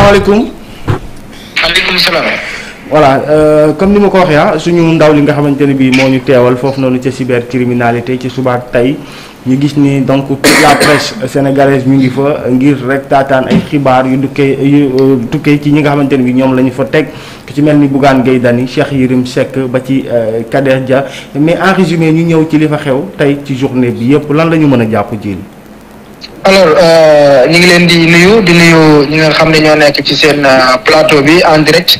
asalaamaaleykum. maaleykum salaam. voilà euh, comme ni ma ko waxee ah suñu ndaw li nga xamante ne bii moo ñu teewal foofu noonu ca cybercriminalité ci subaat tey ñu gis ni donc toute la presse sénégalaise ñu ngi fa ngir rek taataan ay xibaar yu dukkee yu euh, tukkee ci ñi nga xamante ne bii ñoom la ñu fa teg ku ci mel ni Bougane Gueye Dany Cheikh Yérim Seck ba ci euh, Kader ja mais en résumé ñu ñëw ci li fa xew tey ci journée bi yëpp lan lañu mën a jàpp jii. alors euh, ñu ngi leen di nuyu di nuyu ñi ngeen xam ne ñoo nekk ci seen euh, plateau bi en direct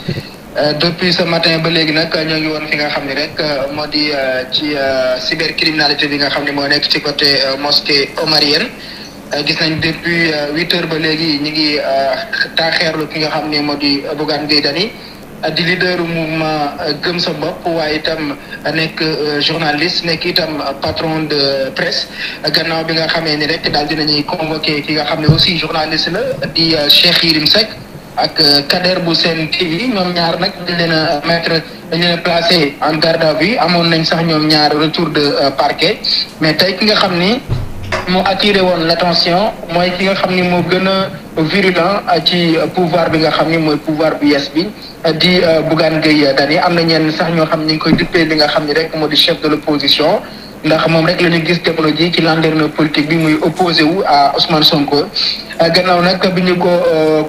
euh, depuis ce matin ba léegi nag ñoo ngi woon fi nga xam ne rek moo di ci cybercriminalité bi nga xam ne moo nekk ci côté mosquée omarienne gis nañ depuis huit ba léegi ñu ngi taaxeerlu ki nga xam ni moo di Bougane Gueye Dany di leader mouvement euh, gëm sa bopp waaye itam euh, nekk euh, journaliste nekk itam patron de presse gannaaw bi nga xamee ni rek daal dinañuy convoqué ki nga xam ne aussi journaliste la di Cheikh Yérim Seck ak Kader bu Sen TV ñoom ñaar nag dañ leen a mettre dañ leen a placé en garde à amoon nañ sax ñoom ñaar retour de parquet mais tey ki nga xam ni. mu attiré woon l'attention mooy ki nga xam ni moo gën a virulent euh, ci pouvoir bi nga xam ni mooy pouvoir bu yees bi euh, di euh, Bougane Gueye Dany am na ñenn sax ñoo xam ni ñu ngi koy duppee li nga xam ni rek moo di chef de l'opposition ndax moom rek la ñu gis jamono ji ci landerneau politique bi muy opposé wu a Ousmane Sonko gannaaw nag bi ñu ko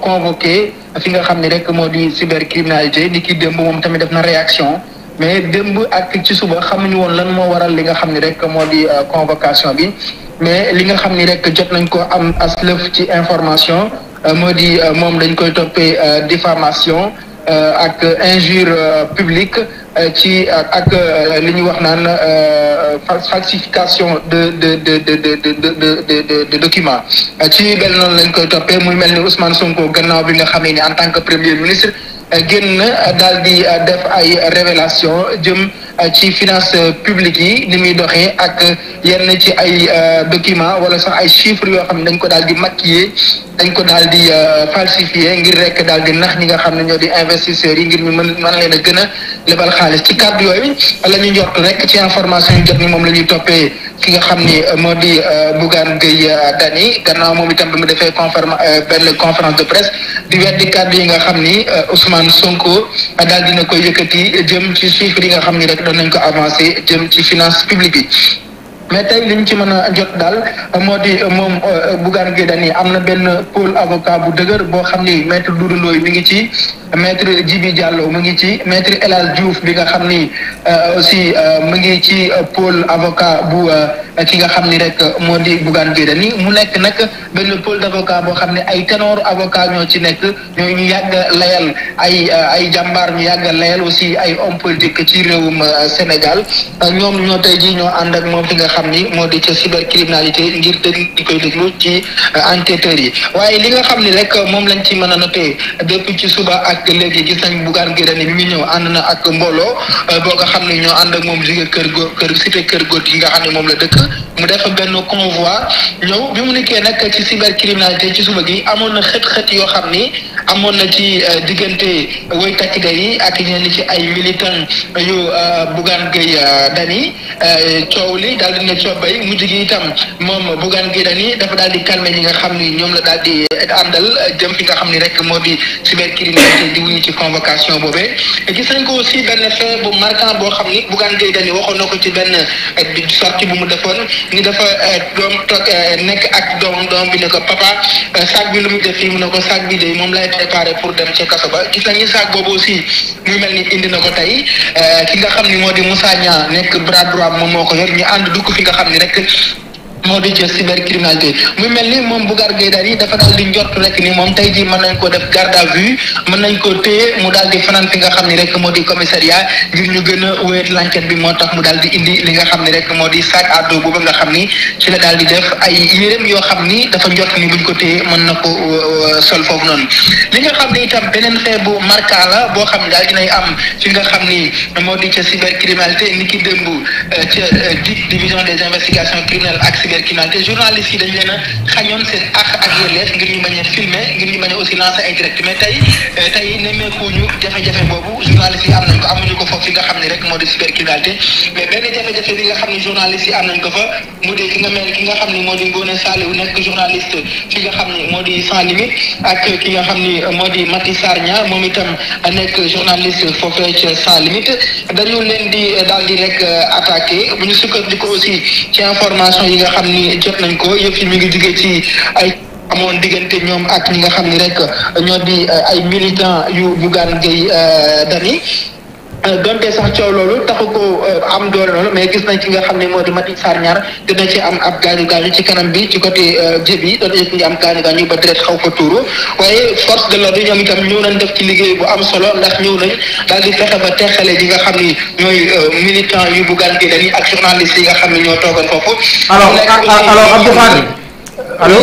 convoqué fi nga xam ni rek moo di cybercriminalité ni ki démb moom tamit def na réaction mais démb ak ci suba xamuñu woon lan moo waral li nga xam ni rek moo di convocation bi mais li nga xam ni rek jot nañ ko am aslëf ci information moo di moom dañ koy toppee diffamation ak injure publique ci ak li ñuy wax naan falsification de de de de de de de de document ci benn noonu lañ koy toppee muy mel ni Ousmane Sonko gannaaw bi nga xamee ni en tant que premier ministre génn daal di def ay révélation jëm. Euh, ci finance publique yi ni muy doxee ak yenn ci ay euh, document wala sax ay chiffres yoo xam ne dañ ko daal di maquiller dañ ko daal di euh, falsifier ngir rek daal di nax ñi nga xam ne ñoo di investisseurs yi ngir ñu mën mën leen a gën a lebal xaalis ci kàddu yooyu la ñu njort rek ci information yu jot ni moom la ñuy toppee. ki nga xam ni euh, moo di euh, Bougane Gueye euh, Dany gannaaw moom itam bi mu defee conférence benn conférence de presse di weddi yi nga xam ni Ousmane Sonko daal dina koy yëkkati jëm ci chiffres yi nga xam ni rek doon nañ ko avancé jëm ci finance publique yi. mais tey li ñu ci mën a jot daal moo di moom Bougane Gueye Dany am na benn pôle avocat bu dëgër boo xam ni maître Doudou Ndoye mi ngi ci. maître jibi jàlloo mu ngi ci maître El Hadj Diouf bi nga xam ni euh, aussi euh, mu ngi ci euh, pôle avocat bu ki nga xam ni rek moo di Bougane Gueye Dany mu nekk nag benn pôle d' boo xam ne ay ténor avocat ñoo ci nekk ñoo yàgg layal ay ay jàmbaar ñu yàgg layal aussi ay homme politique ci réewum Sénégal ñoom ñoo tey ji ñoo ànd ak moom nga xam ni moo di ca cybercriminalité ngir dégg di koy déglu ci enquêteurs yi waaye li xam ni rek moom lañ ci mën a noté ci suba ak ak léegi gis nañ Bougane Gueye Dany bi mu ñëw ànd na ak mbooloo euh, boo nga xam ne ñoo ànd ak moom jóge kër góor kër si te kër góor gi nga xam ne moom la dëkk mu def a benn convoi ñëw bi mu nekkee nag ci cybercriminalité ci suba gi amoon na xët-xët yoo xam ni amoon na ci euh, diggante way takk der yi ak ñenn ci ay militant yu euh, Bougane Gueye euh, Dany coow li daal di ne coobay mujj gi itam moom Bougane Gueye Dany dafa daal di calmer ñi nga xam ni ñoom la daal di àndal jëm fi nga xam ni rek moo di cybercriminalité di wuñu ci convocation boobee gis nañ ko aussi benn fait bu marquant boo xam ni Bougane Gueye Dany waxoon na ko ci benn sortie bu mu defoon ni dafa doom toog nekk ak doom doom bi ne ko papa sac bi lu mu def fii mu ne ko préparé pour dem ca kaso ba gis nañu saag boobu aussi muy mel ni indi na ko tey euh, ki nga xam ni moo di Moussa Niang nekk bras droit moom moo ko yor ñu ànd dugg fi nga xam ni rek. moo di ca cybercriminalité mu mel ni moom bu Bougane Gueye Dany dafa daal di njort rek ni moom tey jii mën nañ ko def garde à vue mën nañ ko téye mu daal di fanaan fi nga xam ni rek moo di commissariat ngir ñu gën a wéyat l'enquête bi moo tax mu daal di indi li nga xam ni rek moo di sac à dos boobu nga xam ni ci la daal di def ay yéreem yoo xam ni dafa njort ni buñ ko téye mën na ko euh, sol foofu noonu li nga xam ni itam beneen xee bu marka la boo xam ne daal dinay am ci nga xam ni moo di ca cybercriminalité ni ki démb euh, ca euh, des investigations criminelles cybercriminalité journalistes yi dañ leen a xañoon seen a euh, ko amuñu ko foofu fi nga xam ne rek moo di cybercriminalité mais benn jafe-jafe bi nga xam ne journalistes yi am nañ ko ki nga fi nga xam ne moo di sans limite ak ki nga xam ni moo di Mati Sarnia moom itam nekk journaliste foofee ca sans limite dañu leen di euh, daal di rek euh, attaqué bu ñu sukkandiku aussi ci information yi nga xam xam ni jot nañ ko yëf mi ngi jugee ci ay. amoon diggante ñoom ak ñi nga xam ni rek ñoo di ay militant yu Bougane Gueye euh, Dany donte sax coow loolu taxu ko am doole loolu mais gis nañ ci nga xam ne moo di Mati Sarr ñaar dina ci am ab gaañu gaañu ci kanam bi ci côté jëb yi doon yëpp ngi am gaañu gaañu ba deret xaw ko tuuru waaye force de l'ordre ñoom itam ñëw nañ def ci liggéey bu am solo ndax ñëw nañ daal di fexe ba teqale ñi nga xam ni ñooy militant yu Bougane Gueye Dany ak journaliste yi nga xam ne ñoo toogoon foofu. alors alors Abdou Khadre allo.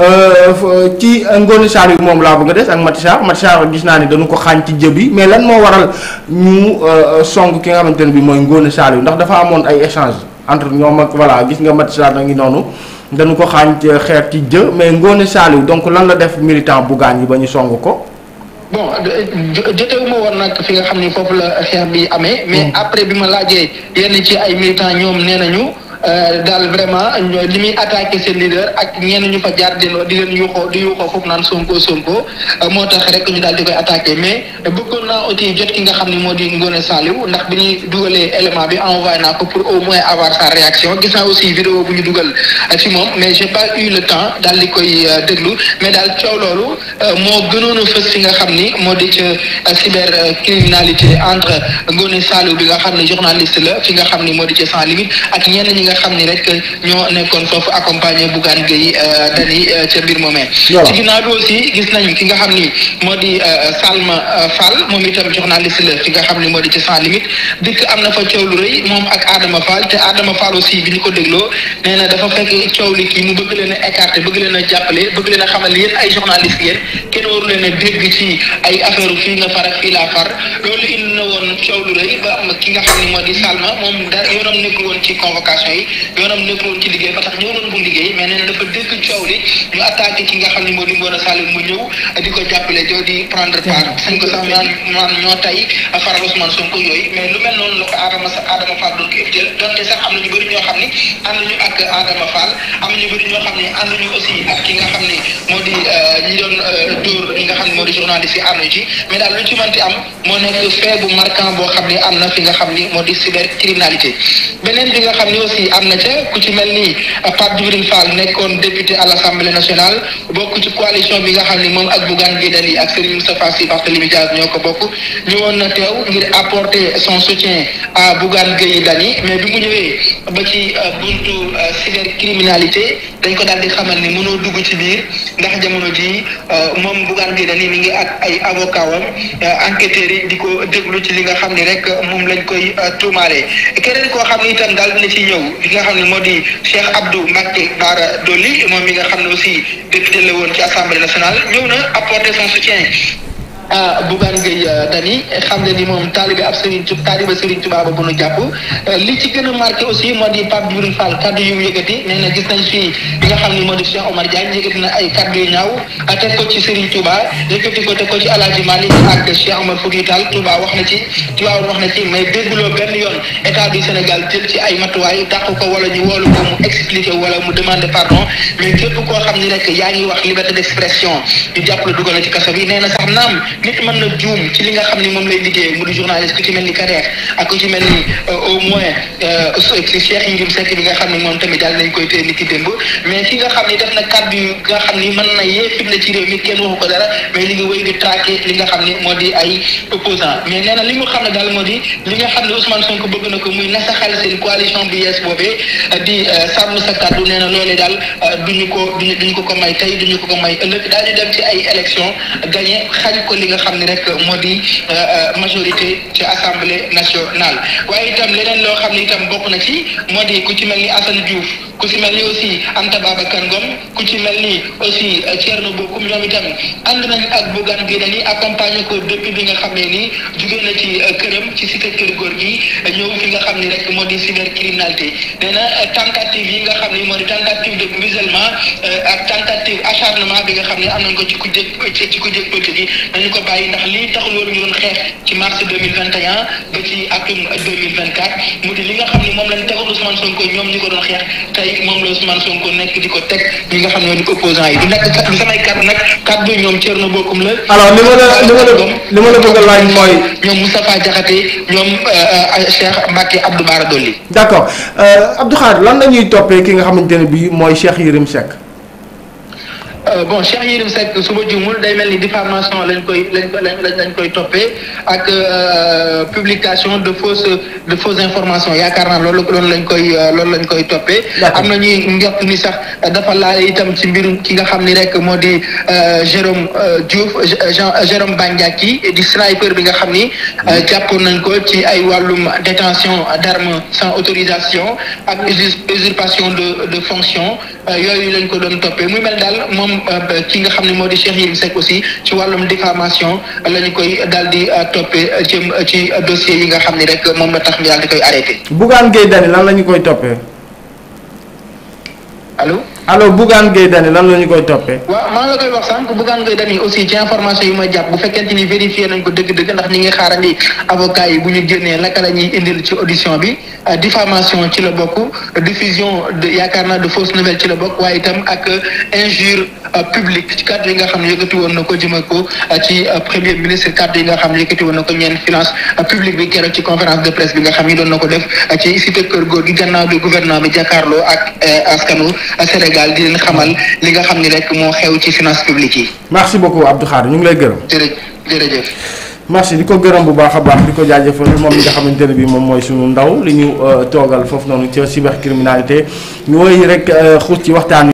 Euh, ci Ngone Sarr moom laa bëgg a des ak Mati Sarr Mati Sarr gis naa ni dañu ko xaañ ci jëb bi mais lan moo waral ñu euh, song ki nga bi mooy ngoone Sarr yi ndax dafa amoon ay échange entre ñoom ak voilà gis nga Mati Sarr ngi noonu dañu ko xaañ xeer ci jë mais ngoone Sarr donc lan la def militant bu gaañ bi ba ñu song ko. bon jotewu ma woon nag fi nga xam ni foofu la xeex bi amee. mais mm. après bi ma laajee yenn ci ay militants ñoom nee nañu. Euh, daal vraiment li muy attaqué seen leader ak ñenn ñu fa jaar di leen yuuxoo di yuuxoo foofu naan sonko sonko euh, moo tax rek ñu daal di koy attaqué mais bëggoon naa aussi jot ki nga xam ne moo di Ngone Saliou ndax bi ñuy dugalee élément bi envoyé naa ko pour au moins avoir sa réaction gis naa aussi vidéo bu ñu dugal euh, ci moom mais j'ai pas eu le temps daal di koy déglu mais daal coow loolu moo gënoon a fës ci nga xam ni moo di ca cybercriminalité entre Ngone Saliou bi nga xam ne journaliste la fi nga xam ni moo di nga xam ni rek ñoo nekkoon foofu accompagné Bougane Gueye euh, Dany euh, ca mbir moomee ci ginnaaw bi aussi gis nañu ki nga xam ni moo di euh, Salma Fall moom itam journaliste la ki nga xam ni moo di ci sans na fa coow ak Adama Fall te Adama bi ko dégloo nee na dafa fekk coow li mu bëgg leen a écarté bëgg leen a jàppale bëgg a xamal yéen ay journaliste yéen kenn waru leen a dégg ci ay affaire fii nga far ak fii laa far loolu indi na woon coow yoonam nekkul woon ci convocation liggéey yoonam nekkoon ci liggéey ba tax ñëw noonu bu liggéey mais nee na dafa dégg coow li ñu attaqué ki nga xam ne moo di Ngone Sall mu ñëw di ko jàppale joo di prendre part suñ ko sax naan naan ñoo tey faral Ousmane Sonko yooyu mais lu mel noonu la ko Adama sa Adama Fall doon ko jël donte sax am na ñu bëri ñoo xam ne ànd ñu ak Adama Fall am na ñu bëri ñoo xam ne ànd ñu aussi ak ki nga xam ne moo di euh, ñi doon euh, dóor ñi nga xam ne moo di journaliste yi ànd ci mais daal lu ci mënti am moo nekk fait bu marquant boo xam ne am na fi nga xam ni moo di cybercriminalité beneen bi nga xam ne aussi am na ca ku ci mel ni euh, Pape Djibril Fall nekkoon député à l' assemblée nationale bokk ci coalition bi nga xam ni moom ak Bougane Gueye Dany ak Serigne Moustapha Sy Barthélémy Dias ñoo ko bokk ñëwoon na teew ngir apporter son soutien à Bougane Gueye Dany mais bi mu ñëwee ba ci euh, buntu euh, cybercriminalité dañ ko daal di xamal ni mënoo dugg ci biir ndax jamono ji moom Bougane Gueye Dany mi ngi ak ay avocat wam enquêteurs di ko déglu ci li nga xam ni rek moom lañ koy tuumaale keneen koo xam ni itam daal dina ki nga xam ne moo di Cheikh Abdou Mbacké Bara Dolly moom mi nga xam ne aussi député la woon ci assemblée nationale ñëw na apporter son soutien. ah Bougane Gueye euh, Dany xam ne ni moom taalibe ab Serigne Touba taalibe Serigne Touba ba bu nu jàpp euh, li ci gën a marqué aussi moo di Pape Djibril Fall kaddu yu mu nee na gis nañ fii li nga xam ne moo di Cheikh Omar Diagne yëkkati na ay kaddu yu ñaaw teg ko ci Serigne Touba yëkkati ko teg ko ci El Hadj Malick ak Cheikh Omar Foutiyou Tall Touba wax na ci Touba wax na ci mais dégguloo benn yoon état du Sénégal jël ci ay matuwaay dàq ko wala ñu woolu ko mu expliqué wala mu demande pardon mais xam ne rek yaa ngi wax liberté d'expression ñu jàpp ci kaso bi nee na sax naam nit mën na juum ci li nga xam ni moom lay liggéey mu di journaliste ku ci mel ni Kader ak ku ci mel ni euh, au moins euh, si Cheikh Yérim Seck bi nga xam ni moom tamit daal nañ koy téye ni ki démb mais moo di ay opposant mais nee na mu xam ne daal moo di ko coalition bi yees boobee euh, di sàmm sa kàddu nee na loolee daal duñu ko duñu ko ko may tey duñu ko ko may ëllëg daal di dem ci ay élection gagné xañ ko li nga xam ne rek moo di euh, euh, majorité ci assemblée nationale waaye itam leneen loo xam ne itam bokk na ci moo di ku ci mel ni Assane Diouf ku ci mel ni aussi Anta Babacar Ngom ku ci mel ni aussi euh, Thierno Bocoum ñoom itam ànd nañ ak Bougane Gueye Dany accompagné ko depuis bi nga xam ne nii jugee na ci këram ci cité Keur Gorgui ñëw fi nga xam ne rek moo di cybercriminalité nee na tentative yi nga xam ne moo di tentative de musulman ak tentative acharnement bi nga xam ne am nañ ko ci ku jë ci ku jëg ko bàyyi ndax lii tax loolu ñu doon xeex ci mars deux mille vingt ba ci atum mu di li nga xam ne moom lañ tegoon Ousmane Sonko ñoom ñi ko doon xeex tey moom la Ousmane Sonko nekk di ko teg ñi nga xam ne ñoo opposant yi du nekk du samay kàddu nag kàddu ñoom Thierno Bocoum la. alors li ma la li ma la li ma la bëgg a laaj mooy. ñoom Moustapha Diakhaté ñoom euh, euh, Cheikh Mbacké Abdou Bara Dolly. d' accord euh, Abdou Khadre lan la ñuy toppee ki nga xamante ne bii mooy Cheikh Yérim Seck. Euh, bon Cheikh Yérim Seck su ma juumul day mel ni diffamation lañ koy lañ koy lañ koy toppee ak euh, publication de fausse de fausse information yaakaar naa loolu loolu lañ koy euh, loolu lañ koy toppee. am na ñuy njort ni sax dafa laale itam ci mbirum ki nga xam ni rek moo di Jérôme Diouf Jean Jérôme Bandiaki di sniper bi nga xam ni mm-hmm. jàppoon nañ ko ci ay wàllum détention d'armes sans autorisation ak usurpation de de fonction yooyu lañ ko doon toppee muy mel daal moom. Euh, euh, ki nga xam ne moo di Cheikh Yérim Seck aussi ci wàllum diffamation la ñu koy euh, daal di toppee jëm ci dossier yi nga xam ne rek moom la tax ñu daal di koy arrêté. Bougane Gueye Dany lan la ñu koy toppee. allo. alors Bougane Gueye Dany lan la ñu koy toppee. waaw maa la koy wax sànq Bougane Gueye Dany aussi ci information yi may jàpp bu fekkente ni vérifié nañ ko dëgg-dëgg ndax ñi ngi xaarandi avocat yi bu ñu génnee naka la ñuy indil ci audition bi euh, diffamation ci la bokk diffusion de yaakaar naa de fausse nouvelle ci la bokk waaye itam ak euh, injure euh, publique ci cadre yi nga xam ne yëkkati woon na ko jëmee ko ci premier ministre cadre yi nga xam ne na ko ñeen finance publique bi keroog ci conférence de nga xam ne doon na ko def ci cité kër góor gi bi gouvernement bi jàkkaarloo Sénégal di leen xamal li nga xam ni rek moo xew ci finance publique yi. merci beaucoup Abdou Khare ñu ngi lay gërëm. jërëjëf di ko gërëm bu baax a baax di ko jaajëfal moom mi nga xamante ne bi moom mooy suñu ndaw li ñu euh, toogal foofu noonu ca cybercriminalité ñu woy rek euh, xuus ci waxtaan